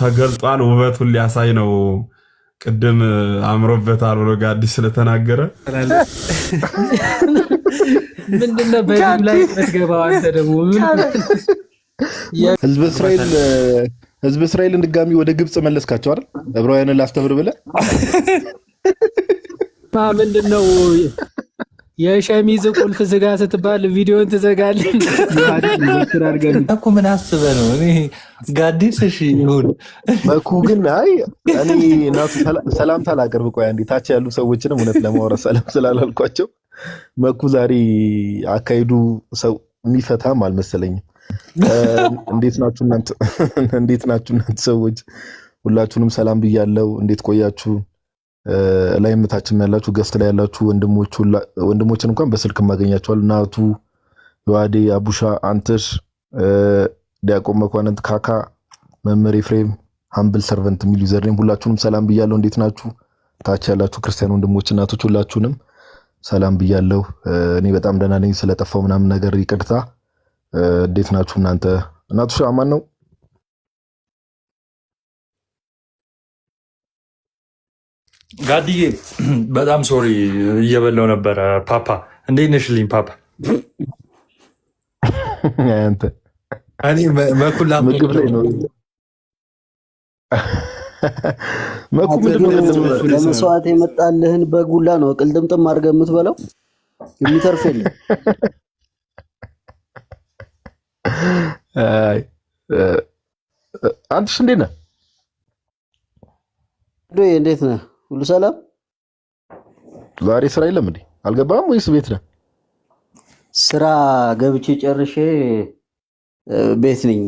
ተገልጧል። ውበቱን ሊያሳይ ነው። ቅድም አምሮበታል ብሎ ጋዲስ ስለተናገረ ምንድነው በዲም ላይ ምትገባው አንተ ደግሞ ህዝብ እስራኤል ህዝብ እስራኤልን ድጋሚ ወደ ግብፅ መለስካቸው አይደል? ዕብራውያንን ላስተምር ብለህ ምንድነው የሸሚዝ ቁልፍ ስጋ ስትባል ቪዲዮን ትዘጋለህ እኮ ምን አስበህ ነው? እኔ ጋዲስ እሺ ይሁን በኩ ግን አይ እኔ እናቱ ሰላምታ ላቅርብ። ቆይ አንዴ ታች ያሉ ሰዎችንም እውነት ለማውራት ሰላም ስላላልኳቸው መኩ ዛሬ አካሄዱ ሰው የሚፈታም አልመሰለኝም። እንዴት ናችሁ እናንተ? እንዴት ናችሁ እናንተ ሰዎች? ሁላችሁንም ሰላም ብያለው። እንዴት ቆያችሁ? ላይ ታችም ያላችሁ ገስት ላይ ያላችሁ ወንድሞችን እንኳን በስልክ ማገኛቸዋል። እናቱ ዮሐዴ፣ አቡሻ፣ አንተሽ፣ ዲያቆን መኳንንት፣ ካካ፣ መምህር ኤፍሬም፣ ሀምብል ሰርቨንት የሚል ዩዘርኔም ሁላችሁንም ሰላም ብያለሁ። እንዴት ናችሁ? ታች ያላችሁ ክርስቲያን ወንድሞች እናቶች ሁላችሁንም ሰላም ብያለሁ። እኔ በጣም ደህና ነኝ። ስለጠፋው ምናምን ነገር ይቅርታ። እንዴት ናችሁ እናንተ? እናቶች አማን ነው። ጋድዬ በጣም ሶሪ እየበላው ነበረ። ፓፓ እንዴት ነሽልኝ? ፓፓ ለመስዋዕት የመጣልህን በጉላ ነው ቅልጥምጥም አድርገህ የምትበላው የሚተርፍ የለም። አንተስ እንዴት ነህ? እንዴት ነህ? ሁሉ ሰላም። ዛሬ ስራ የለም እንዴ? አልገባም ወይስ ቤት ነህ? ስራ ገብቼ ጨርሼ ቤት ነኝ።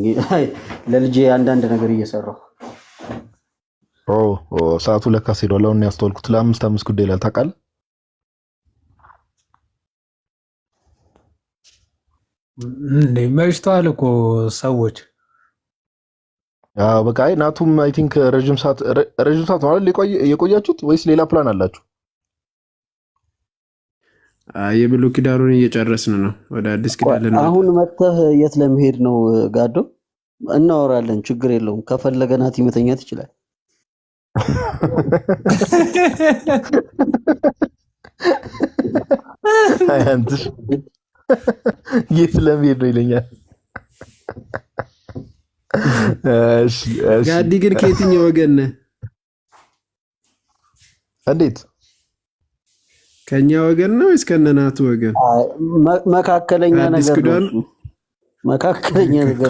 ለልጄ አንዳንድ ነገር እየሰራሁ ኦ ኦ ሰዓቱ ለካስ ሄዷል። አሁን ያስተዋልኩት ለአምስት አምስት ጉዳይ ላል ታውቃለህ። እንዴ መሽቷል እኮ ሰዎች በቃ ናቱም አይ ቲንክ ረጅም ሰዓት ማለት የቆያችሁት ወይስ ሌላ ፕላን አላችሁ? የብሉ ኪዳኑን እየጨረስን ነው። ወደ አዲስ ኪዳን አሁን መጥተህ የት ለመሄድ ነው ጋዶ? እናወራለን፣ ችግር የለውም። ከፈለገ ናቲ መተኛት ይችላል። የት ለመሄድ ነው ይለኛል። ጋዲ ግን ከየትኛው ወገን ነህ? እንዴት ከኛ ወገን ነው ወይስ ከነናቱ ወገን? መካከለኛ ነገር መካከለኛ ነገር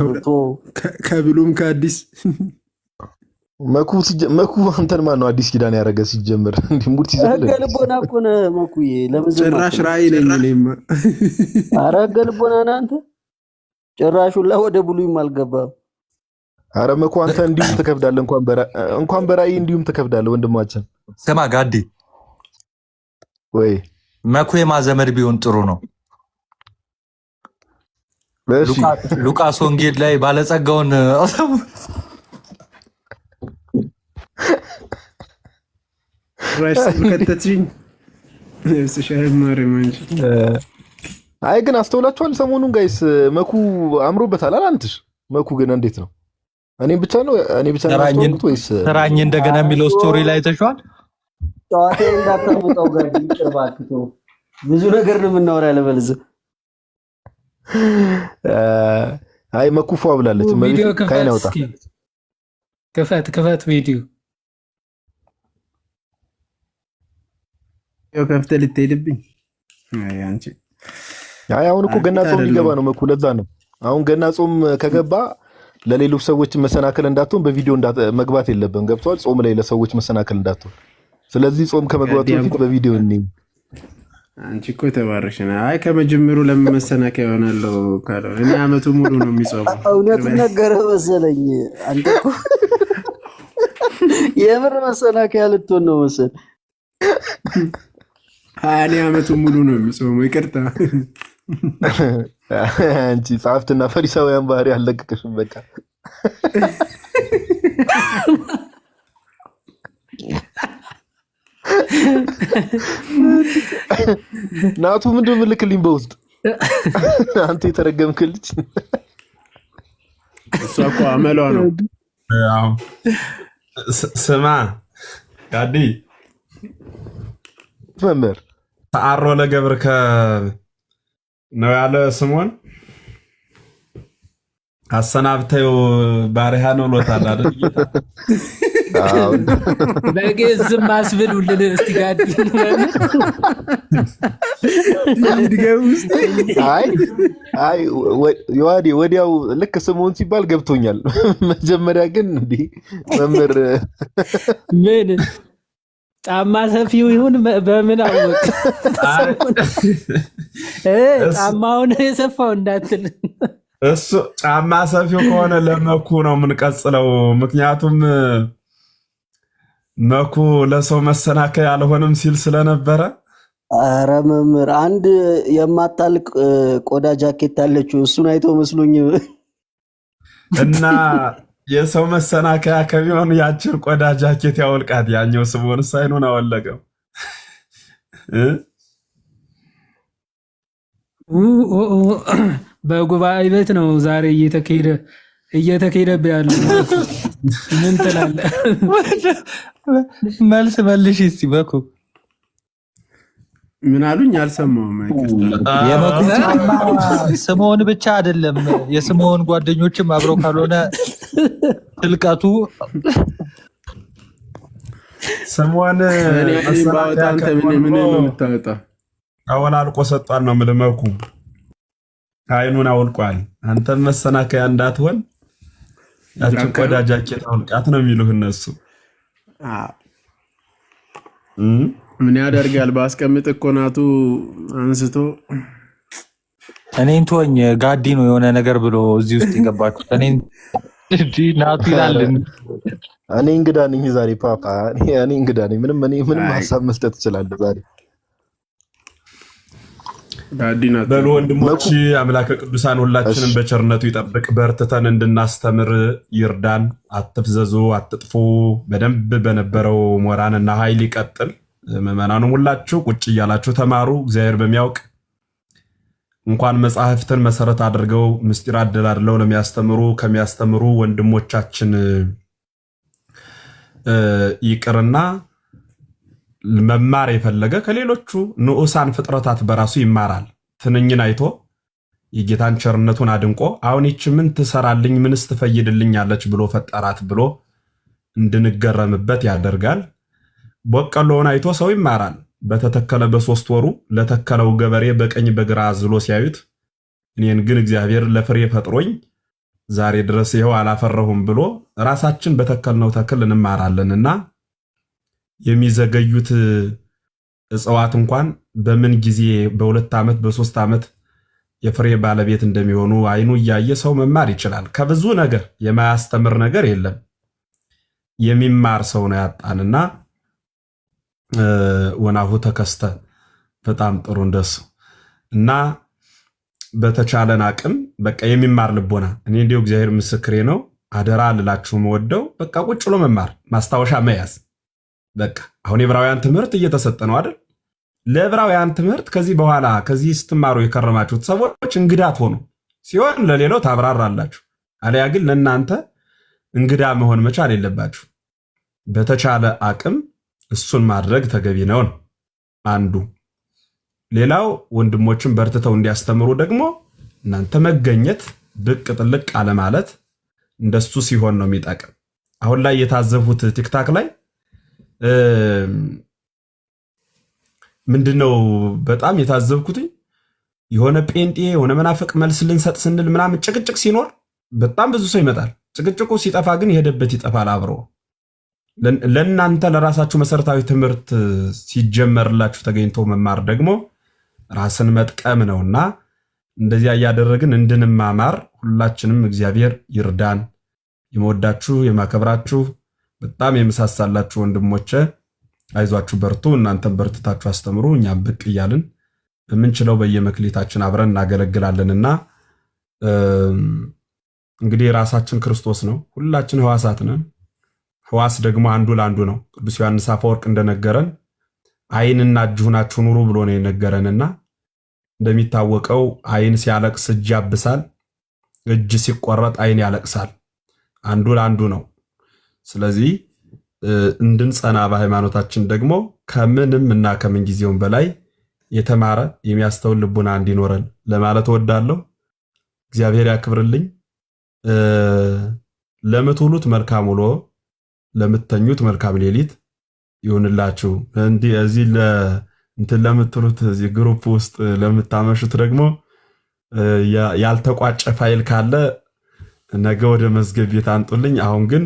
ከብሉም ከአዲስ መኩ አንተን ማን ነው አዲስ ኪዳን ያደረገ? ሲጀምር ገልቦና እኮ ነህ መኩዬ። ለምን ጭራሽ ራእይ ነኝ እኔማ። ኧረ ገልቦና ነህ አንተ ጭራሹላ ወደ ብሉይም አልገባም አረ መኩ አንተ እንዲሁም ትከብዳለ እንኳን በራእይ እንዲሁም ትከብዳለህ ወንድማችን። ስማ ጋዲ ወይ መኩ የማዘመድ ቢሆን ጥሩ ነው። ሉቃስ ወንጌል ላይ ባለጸጋውን አይ ግን አስተውላችኋል? ሰሞኑን ጋይስ መኩ አምሮበታል። አላንትሽ መኩ ግን እንዴት ነው? እኔ ብቻ ነው እኔ ብቻ ነው ወይስ ተራኝ እንደገና የሚለው ስቶሪ ላይ ተሽዋል። ጨዋታ እንዳታመጣው ጋር ይቅርባክቶ ብዙ ነገር ነው የምናወራ ያለበለዚያ አይ መኩፏ ብላለች። ከይናውጣ ክፈት ክፈት ቪዲዮ ያው ከፍተህ ልትሄድብኝ። አይ አሁን እኮ ገና ጾም ሊገባ ነው መኩ። ለዛ ነው አሁን ገና ጾም ከገባ ለሌሎች ሰዎች መሰናክል እንዳትሆን በቪዲዮ መግባት የለብን። ገብቷል? ጾም ላይ ለሰዎች መሰናክል እንዳትሆን። ስለዚህ ጾም ከመግባቱ በፊት በቪዲዮ እኔ አንቺ እኮ የተባረሽ ነ አይ ከመጀመሩ ለምን መሰናከያ ይሆናለሁ ካለው እኔ አመቱ ሙሉ ነው የሚጾመው። እውነት ነገረ መሰለኝ። አንተ እኮ የምር መሰናከያ ልትሆን ነው መሰል። እኔ አመቱ ሙሉ ነው የሚጾመው። ይቅርታ አንቺ ጸሐፍትና ፈሪሳውያን ባህሪ አለቅቅሽም። በቃ ናቱ ምንድን ምልክልኝ በውስጥ አንተ የተረገምክልች እሷ እኮ አመሏ ነው። ስማ ጋዲ መምህር ተአሮ ለገብር ነው ያለ ስምዖን አሰናብተው ባሪያ ነው ሎታል አይደል? በግዕዝም አስብሉልን እስቲ ጋድ ዮሐዴ ወዲያው ልክ ስምዖን ሲባል ገብቶኛል። መጀመሪያ ግን እንዲህ መምህር ምን ጫማ ሰፊው ይሁን በምን አወቅ? ጫማውን የሰፋው እንዳትል እሱ ጫማ ሰፊው ከሆነ ለመኩ ነው የምንቀጽለው። ምክንያቱም መኩ ለሰው መሰናከያ አልሆንም ሲል ስለነበረ። ኧረ መምህር አንድ የማታልቅ ቆዳ ጃኬት አለችው። እሱን አይቶ መስሎኝ እና የሰው መሰናከያ ከሚሆን የአጭር ቆዳ ጃኬት ያወልቃት። ያኛው ስምኦን ሳይኑን አወለቀው። በጉባኤ ቤት ነው ዛሬ እየተካሄደ እየተካሄደብህ ምን ትላለህ? መልስ መልሽ እስቲ በኩ ምን አሉኝ? አልሰማሁም። ስምኦን ብቻ አይደለም የስምኦን ጓደኞችም አብረው ካልሆነ ትልቀቱ ስሟን አወላልቆ ሰጧል ነው ምልመኩ አይኑን አውልቋል። አንተን መሰናከያ እንዳትሆን ያችን ቆዳ ጃኬት አውልቃት ነው የሚሉህ እነሱ። ምን ያደርጋል በአስቀምጥ እኮ ናቱ አንስቶ እኔን ትወኝ ጋዲ ነው የሆነ ነገር ብሎ እዚህ ውስጥ የገባችሁት እኔን ናቱ ይላል። እኔ እንግዳ ነኝ ዛሬ ፓፓ፣ እኔ እንግዳ ነኝ። ምንም እኔ ምንም ሀሳብ መስጠት እችላለሁ ዛሬ። በሉ ወንድሞች፣ አምላከ ቅዱሳን ሁላችንም በቸርነቱ ይጠብቅ፣ በርትተን እንድናስተምር ይርዳን። አትፍዘዙ፣ አትጥፉ። በደንብ በነበረው ሞራን እና ሀይል ይቀጥል። ምዕመናኑም ሁላችሁ ቁጭ እያላችሁ ተማሩ። እግዚአብሔር በሚያውቅ እንኳን መጽሐፍትን መሰረት አድርገው ምስጢር አደላድለው ለሚያስተምሩ ከሚያስተምሩ ወንድሞቻችን ይቅርና መማር የፈለገ ከሌሎቹ ንዑሳን ፍጥረታት በራሱ ይማራል። ትንኝን አይቶ የጌታን ቸርነቱን አድንቆ አሁን ይች ምን ትሰራልኝ፣ ምንስ ትፈይድልኛለች ብሎ ፈጠራት ብሎ እንድንገረምበት ያደርጋል። በቀሎውን አይቶ ሰው ይማራል። በተተከለ በሶስት ወሩ ለተከለው ገበሬ በቀኝ በግራ ዝሎ ሲያዩት እኔን ግን እግዚአብሔር ለፍሬ ፈጥሮኝ ዛሬ ድረስ ይኸው አላፈረሁም ብሎ ራሳችን በተከልነው ተክል እና የሚዘገዩት እጽዋት እንኳን በምን ጊዜ በሁለት ዓመት በሶስት ዓመት የፍሬ ባለቤት እንደሚሆኑ አይኑ እያየ ሰው መማር ይችላል። ከብዙ ነገር የማያስተምር ነገር የለም። የሚማር ሰው ነው ያጣንና ወናሁ ተከስተ በጣም ጥሩ እንደሱ እና በተቻለን አቅም በቃ የሚማር ልቦና እኔ እንዲሁ እግዚአብሔር ምስክሬ ነው። አደራ ልላችሁ ወደው በቃ ቁጭ ብሎ መማር ማስታወሻ መያዝ በቃ አሁን የዕብራውያን ትምህርት እየተሰጠ ነው አይደል? ለዕብራውያን ትምህርት ከዚህ በኋላ ከዚህ ስትማሩ የከረማችሁት ሰዎች እንግዳት ሆኑ ሲሆን ለሌላው ታብራራላችሁ፣ አሊያ ግን ለእናንተ እንግዳ መሆን መቻል የለባችሁ። በተቻለ አቅም እሱን ማድረግ ተገቢ ነው አንዱ። ሌላው ወንድሞችን በርትተው እንዲያስተምሩ ደግሞ እናንተ መገኘት ብቅ ጥልቅ አለ ማለት እንደሱ ሲሆን ነው የሚጠቅም። አሁን ላይ የታዘቡት ቲክታክ ላይ ምንድነው በጣም የታዘብኩትኝ የሆነ ጴንጤ የሆነ መናፍቅ መልስ ልንሰጥ ስንል ምናምን ጭቅጭቅ ሲኖር በጣም ብዙ ሰው ይመጣል። ጭቅጭቁ ሲጠፋ ግን የሄደበት ይጠፋል አብሮ ለእናንተ ለራሳችሁ መሰረታዊ ትምህርት ሲጀመርላችሁ ተገኝቶ መማር ደግሞ ራስን መጥቀም እና እንደዚያ እያደረግን እንድንማማር ሁላችንም እግዚአብሔር ይርዳን። የመወዳችሁ የማከብራችሁ በጣም የመሳሳላችሁ ወንድሞቼ አይዟችሁ፣ በርቱ። እናንተም በርትታችሁ አስተምሩ። እኛም ብቅ እያልን በምንችለው በየመክሊታችን አብረን እናገለግላለንና እንግዲህ ራሳችን ክርስቶስ ነው። ሁላችን ህዋሳት ነን። ህዋስ ደግሞ አንዱ ለአንዱ ነው። ቅዱስ ዮሐንስ አፈወርቅ እንደነገረን አይንና እጅ ሁናችሁ ኑሩ ብሎ ነው የነገረንና እንደሚታወቀው አይን ሲያለቅስ እጅ ያብሳል፣ እጅ ሲቆረጥ አይን ያለቅሳል። አንዱ ለአንዱ ነው። ስለዚህ እንድንጸና በሃይማኖታችን ደግሞ ከምንም እና ከምን ጊዜውም በላይ የተማረ የሚያስተውል ልቡና እንዲኖረን ለማለት እወዳለሁ። እግዚአብሔር ያክብርልኝ። ለምትውሉት መልካም ውሎ ለምትተኙት መልካም ሌሊት ይሁንላችሁ። እንዲህ እዚህ እንትን ለምትሉት እዚህ ግሩፕ ውስጥ ለምታመሹት ደግሞ ያልተቋጨ ፋይል ካለ ነገ ወደ መዝገብ ቤት አንጡልኝ። አሁን ግን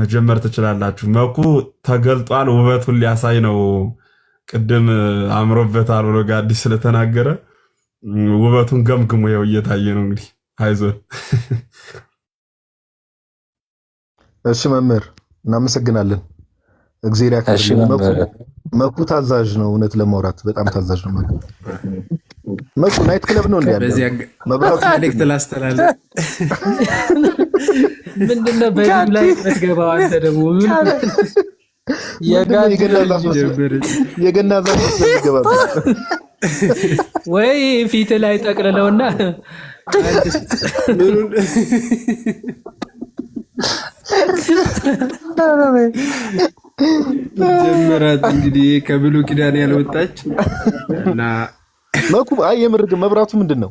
መጀመር ትችላላችሁ። መኩ ተገልጧል። ውበቱን ሊያሳይ ነው። ቅድም አምሮበታል ብሎ ጋዲስ ስለተናገረ ውበቱን ገምግሞ ያው እየታየ ነው። እንግዲህ አይዞን። እሺ መምህር እናመሰግናለን። እግዜር ያክብርልን። መኩ ታዛዥ ነው፣ እውነት ለማውራት በጣም ታዛዥ ነው። መኩ ናይት ክለብ ነው እንዲያለ መብራት ላስተላለ ምንድነው በዩም ላይ ምትገባው አንተ ደግሞ የገና ዛፍ ይገባል ወይ ፊት ላይ ጠቅልለውና ጀመራት እንግዲህ ከብሉ ኪዳን ያልወጣች እና መኩ አይ የምር ግን መብራቱ ምንድን ነው?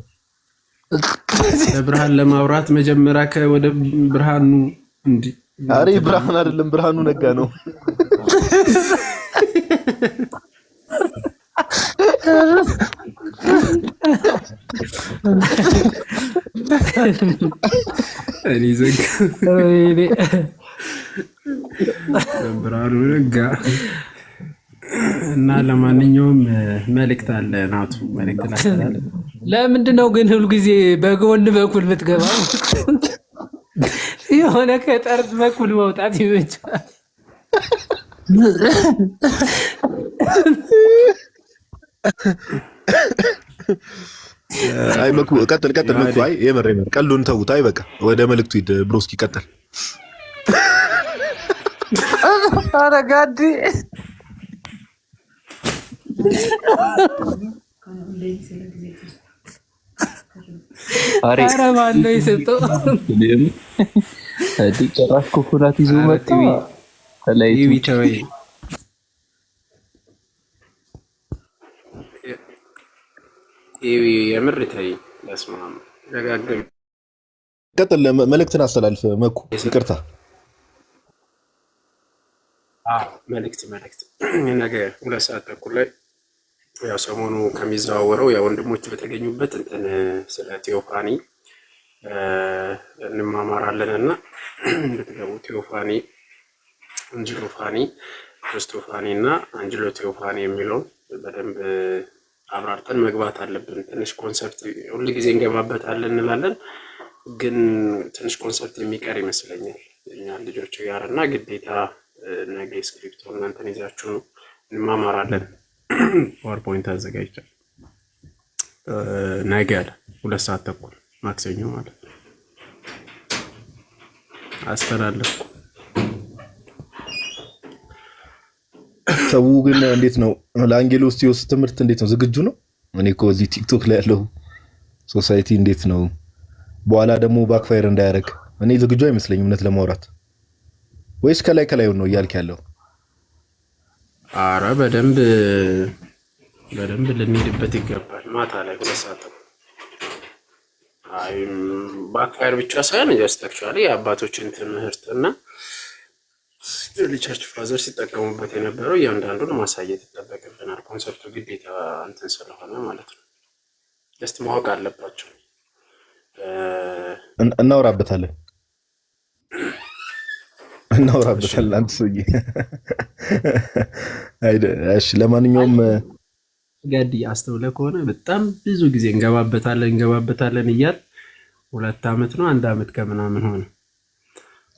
ብርሃን ለማብራት መጀመሪያ ከወደ ብርሃኑ እንዲ ብርሃን አይደለም ብርሃኑ ነጋ ነው። ብራሩ ነጋ እና ለማንኛውም መልእክት አለ ናቱ መልእክት ለምንድን ነው ግን ሁልጊዜ በጎን በኩል ምትገባው የሆነ ከጠርዝ በኩል መውጣት ይመቻል አይ መኩ ቀጥል ቀጥል መኩ አይ ቀሉን ተውት። አይ በቃ ወደ መልእክቱ ሂድ ብሮስኪ ቀጥል። ኧረ ጋዲ ማን ነው የሰጠው? ጭራሽ ይዞ የምር ተይ ስማ ረጋግም ቀጥል። መልእክትን አስተላልፍ። መኩ ይቅርታ መልእክት መልእክት ነገ ሁለት ሰዓት ተኩል ላይ ያው ሰሞኑ ከሚዘዋወረው ወንድሞች በተገኙበት እንትን ስለ ቴዎፋኒ እንማማራለን እና እንድትገቡ ቴዎፋኒ ክርስቶፋኒ እና አንጅሎ ቴዎፋኒ የሚለውን በደንብ አብራርተን መግባት አለብን። ትንሽ ኮንሰፕት ሁሉ ጊዜ እንገባበታለን እንላለን፣ ግን ትንሽ ኮንሰፕት የሚቀር ይመስለኛል። እኛ ልጆች ጋር እና ግዴታ ነገ ስክሪፕቶ እናንተን ይዛችሁ እንማማራለን። ፓወርፖይንት አዘጋጅቻል። ነገ ሁለት ሰዓት ተኩል ማክሰኞ ማለት አስተላለፍኩ። ሰው ግን እንዴት ነው ለአንጌሎስቲዮስ ትምህርት እንዴት ነው ዝግጁ ነው? እኔ እኮ እዚህ ቲክቶክ ላይ ያለው ሶሳይቲ እንዴት ነው በኋላ ደግሞ ባክፋየር እንዳያደርግ እኔ ዝግጁ አይመስለኝም እውነት ለማውራት ወይስ ከላይ ከላይ ነው እያልክ ያለው? አረ በደንብ በደንብ ልንሄድበት ይገባል። ማታ ላይ ሁለት ሰዓት ብቻ ሳይሆን ጀስት የአባቶችን ትምህርትና ሪቸርች ፋዘር ሲጠቀሙበት የነበረው እያንዳንዱን ማሳየት ይጠበቅብናል። ኮንሰርቱ ግዴታ እንትን ስለሆነ ማለት ነው። ደስ ማወቅ አለባቸው። እናውራበታለን እናውራበታለን። አንድ ሰውዬ ለማንኛውም ጋዲ አስተውለ ከሆነ በጣም ብዙ ጊዜ እንገባበታለን እንገባበታለን እያል ሁለት ዓመት ነው አንድ ዓመት ከምናምን ሆነ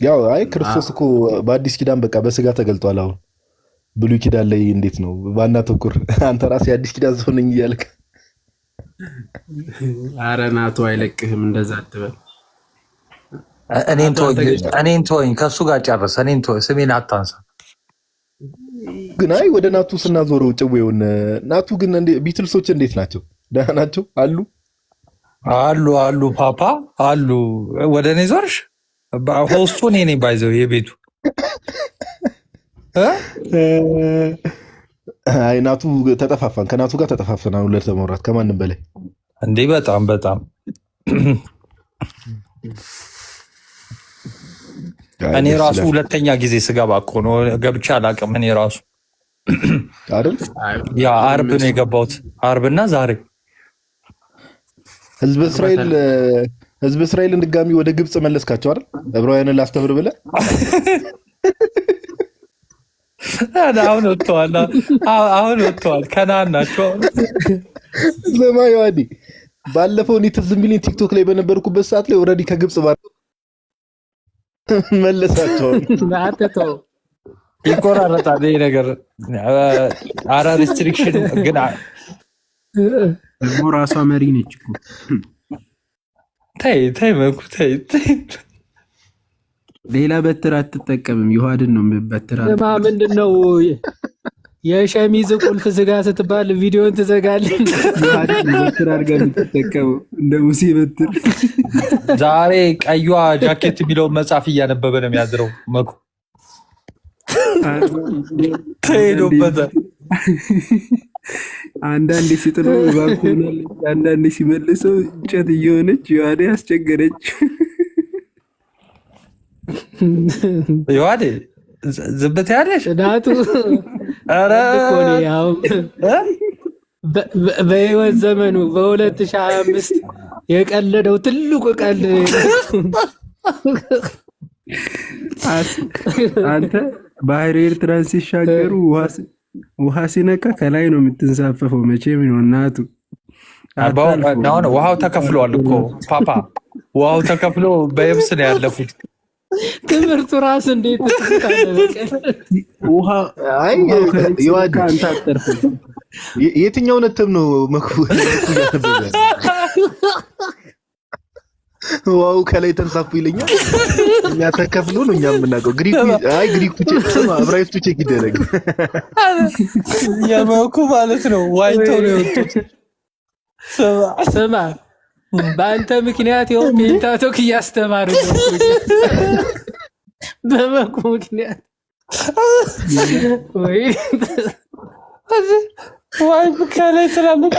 ያው አይ ክርስቶስ እኮ በአዲስ ኪዳን በቃ በስጋ ተገልጧል። አሁን ብሉይ ኪዳን ላይ እንዴት ነው ባና ተኩር አንተ ራስህ የአዲስ ኪዳን ሰው ነኝ እያልክ አረ ናቱ አይለቅህም። እንደዛ አትበል። እኔን ተወኝ፣ ከእሱ ጋር ጨርስ። እኔን ተወኝ፣ ስሜን አታንሳ። ግን አይ ወደ ናቱ ስናዞረው ጭዌውን ናቱ ግን ቢትልሶች እንዴት ናቸው? ደህና ናቸው? አሉ አሉ አሉ ፓፓ አሉ። ወደ እኔ ዞርሽ ሆስቱ እኔ ነኝ። ባይዘው የቤቱ አይ ናቱ ተጠፋፋን። ከናቱ ጋር ተጠፋፍተን ሁለት ለመውራት ከማንም በላይ እንዴ! በጣም በጣም እኔ ራሱ ሁለተኛ ጊዜ ስገባ እኮ ነው ገብቼ አላውቅም። እኔ ራሱ ያ አርብ ነው የገባሁት፣ አርብና ዛሬ ህዝብ እስራኤል ህዝብ እስራኤልን ድጋሚ ወደ ግብፅ መለስካቸው አይደል? ዕብራውያንን ላስተምር ብለህ አሁን ወጥተዋል። አሁን ወጥተዋል። ከናን ናቸው። ስማ ዮሐኒ፣ ባለፈው እኔ ትዝ የሚለኝ ቲክቶክ ላይ በነበርኩበት ሰዓት ላይ ኦልሬዲ ከግብፅ ባ መለሳቸው ይቆራረጣል። ይህ ነገር አራ ሪስትሪክሽን ግን ራሷ መሪ ነች። ተይ ተይ መኩ ተይ ተይ። ሌላ በትር አትጠቀምም። ዮሐድን ነው በትር ማ ምንድን ነው? የሸሚዝ ቁልፍ ዝጋ ስትባል ቪዲዮን ትዘጋለህ። በትር አድርጋ የምትጠቀመው እንደ ሙሴ በትር። ዛሬ ቀዩዋ ጃኬት የሚለውን መጽሐፍ እያነበበ ነው የሚያዝረው። መኩ ተሄዶበታል። አንዳንዴ ሲጥሎ እባብ ሆናለች፣ አንዳንዴ ሲመልሰው እንጨት እየሆነች ዮሐዴ አስቸገረች። ዮሐዴ ዝብት ያለሽ ዳቱ በህይወት ዘመኑ በ ሺህ የቀለደው ትልቁ ቀል አንተ ባህር ኤርትራን ሲሻገሩ ውሃ ውሃ ሲነካ ከላይ ነው የምትንሳፈፈው። መቼም ነው እናቱ አሁን ውሃው ተከፍሏል እኮ ፓፓ፣ ውሃው ተከፍሎ በየብስ ነው ያለፉት። ትምህርቱ ራስ እንዴት የትኛውን እትም ነው መክቡ ዋው ከላይ ተንሳፉ ይለኛል። እኛ ተከፍሎ ነው እኛ የምናውቀው። ግሪክ አይ ግሪክ ብቻ ስማ፣ ዕብራይስጥ ብቻ ይደረግ የመኩ ማለት ነው። ዋይቶ ነው የወጡት። ስማ በአንተ ምክንያት ይኸው ፔንታቶክ እያስተማሩ በመኩ ምክንያት ወይ ዋይ ከላይ ትላለች።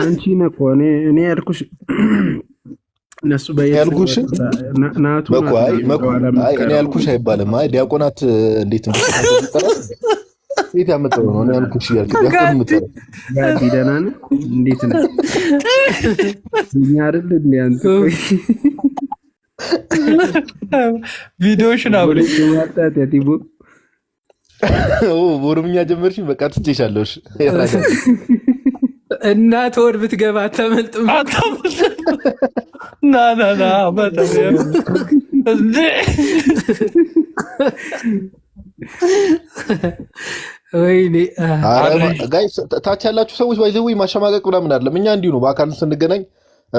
አንቺ ነህ እኔ እኔ ያልኩሽ እነሱ እኔ ያልኩሽ አይባልም። አይ ዲያቆናት እንዴት ቤት ያመጣው ነው ያልኩሽ እያልክ ደህና ነህ? እንዴት ነህ? እኛ አይደል እንደ አንተ ቪዲዮሽን ኦሮምኛ ጀመርሽ? በቃ ትቼሻለሽ። እናት ወድ ብትገባ አታመልጥም። না না না ama tamam. ወይኔ ታች ያላችሁ ሰዎች ባይዘዊ ማሸማቀቅ ምናምን አለም። እኛ እንዲሁ ነው፣ በአካል ስንገናኝ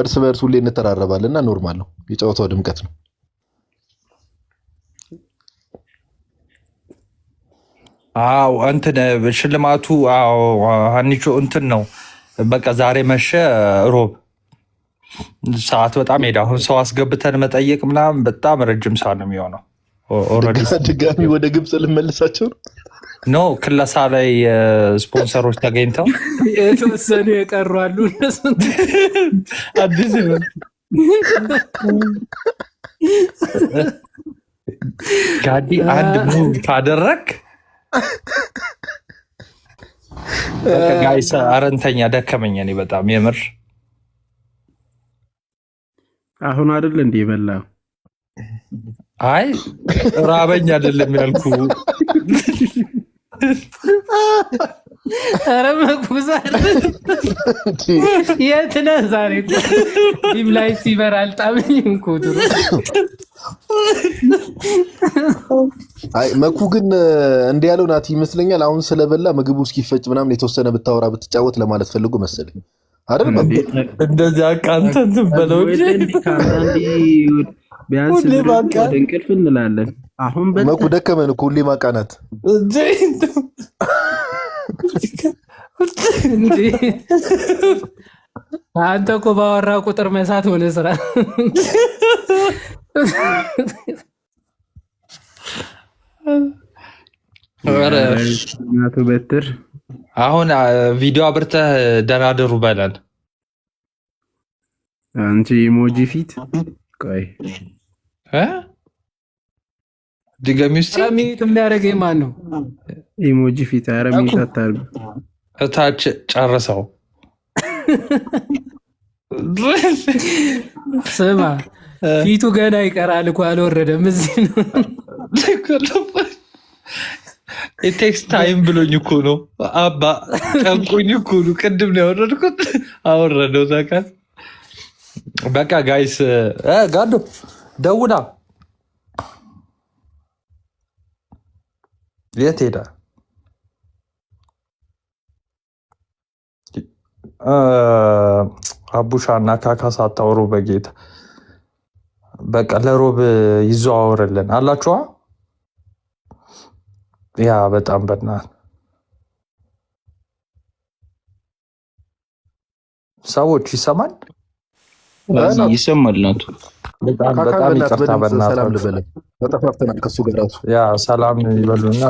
እርስ በእርስ ሁሌ እንተራረባለን እና ኖርማል ነው። የጨዋታው ድምቀት ነው። አዎ እንትን ሽልማቱ ሀኒቾ እንትን ነው። በቃ ዛሬ መሸ ሮብ ሰዓት በጣም ሄደ። አሁን ሰው አስገብተን መጠየቅ ምናምን በጣም ረጅም ሰዓት ነው የሚሆነው። ድጋሚ ወደ ግብፅ ልመልሳቸው ኖ ክለሳ ላይ ስፖንሰሮች ተገኝተው የተወሰኑ የቀሯሉ አዲስ ጋዲ አንድ ሙቭ ካደረግ ጋይ አረንተኛ ደከመኝ እኔ በጣም የምር አሁን አይደል እንዴ የበላ? አይ ራበኝ አይደለም ያልኩ። ኧረ መጉዛ የት ነህ ዛሬ? ዲም ላይ ሲበር አልጣመኝ እኮ ድሮ። አይ መኩ ግን እንዲህ ያለው ናት ይመስለኛል። አሁን ስለበላ ምግቡ እስኪፈጭ ምናምን የተወሰነ ብታወራ ብትጫወት ለማለት ፈልጎ መሰለኝ። አይደል? እንደዚህ አቃንተን በለው ቢያንስ እንቅልፍ እንላለን። አሁን መኩ ደከመን እኮ ሁሌ ማቃናት አንተ እኮ ባወራ ቁጥር መሳት ሆነ ስራ ቱ በትር አሁን ቪዲዮ አብርተህ ደናድሩ በለን። አንቺ ኢሞጂ ፊት ቆይ እ ድገሚ ውስጥ ሚዩት የሚያደርገኝ ማን ነው? ኢሞጂ ፊት ኧረ ሚዩት አታርጉ። እታች ጨርሰው። ስማ ፊቱ ገና ይቀራል እኮ አልወረደም። እዚህ ነው ኢቴክስ ታይም ብሎኝ እኮ ነው አባ ጠንቁኝ እኮ ነው። ቅድም ነው ያወረድኩት፣ አወረደው ዛቃል። በቃ ጋይስ ጋዶ ደውላ የት ሄዳ አቡሻ እና ካካሳ አታውሩ በጌታ በቃ ለሮብ ይዘዋወርልን አላችኋ ያ በጣም በናት ሰዎች ይሰማል ይሰማልናቱ ናቱ በጣም ይቅርታ በናትያ ሰላም ይበሉና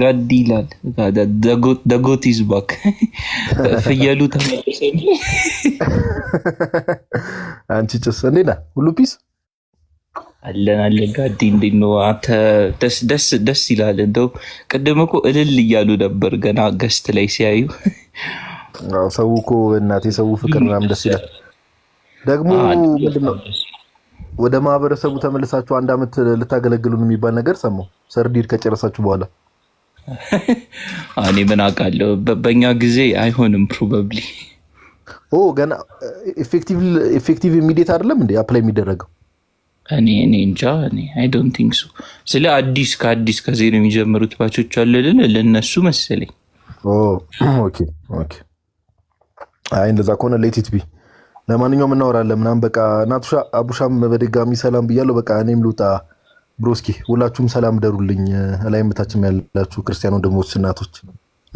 ጋድ ይላል ደጎት ኢዝ ባክ ፍየሉ ተመለሰ። አንቺ ጭስ ሌላ ሁሉ ፒስ አለን አለን ጋዲ እንዴት ነው አንተ? ደስ ደስ ይላል። እንደው ቅድም እኮ እልል እያሉ ነበር ገና ገስት ላይ ሲያዩ። ሰው እኮ እናት የሰው ፍቅር ምናምን ደስ ይላል። ደግሞ ወደ ማህበረሰቡ ተመልሳችሁ አንድ አመት ልታገለግሉን የሚባል ነገር ሰማሁ። ሰርዲድ ከጨረሳችሁ በኋላ እኔ ምን አውቃለሁ። በእኛ ጊዜ አይሆንም ፕሮባብሊ ገና ኢፌክቲቭ ኢሚዲየት አይደለም እንዴ አፕላይ የሚደረገው እኔ እኔ እንጃ እኔ አይ ዶንት ቲንክ ሶ። ስለ አዲስ ከአዲስ ከዜሮ የሚጀምሩት ባቾች አለልን ለነሱ መሰለኝ። ኦኬ ኦኬ። አይ እንደዛ ከሆነ ሌቲት ቢ። ለማንኛውም እናወራለን ምናምን በቃ ናቱሻ አቡሻም በድጋሚ ሰላም ብያለሁ። በቃ እኔም ልውጣ ብሮስኪ። ሁላችሁም ሰላም ደሩልኝ። ላይ በታችም ያላችሁ ክርስቲያን ወንድሞች እናቶች።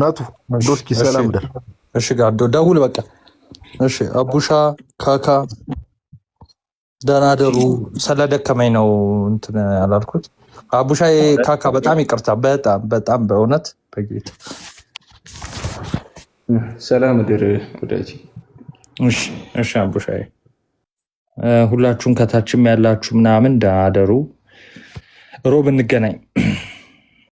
ናቱ ብሮስኪ ሰላም ደር። እሺ ጋዶ ደውል በቃ እሺ። አቡሻ ካካ ደህና ደሩ። ስለደከመኝ ነው እንትን ያላልኩት። አቡሻዬ ካካ በጣም ይቅርታ፣ በጣም በጣም በእውነት በጌታ ሰላም ድር ወዳጅ። እሺ አቡሻዬ፣ ሁላችሁም ከታችም ያላችሁ ምናምን ደህና ደሩ። ሮብ እንገናኝ።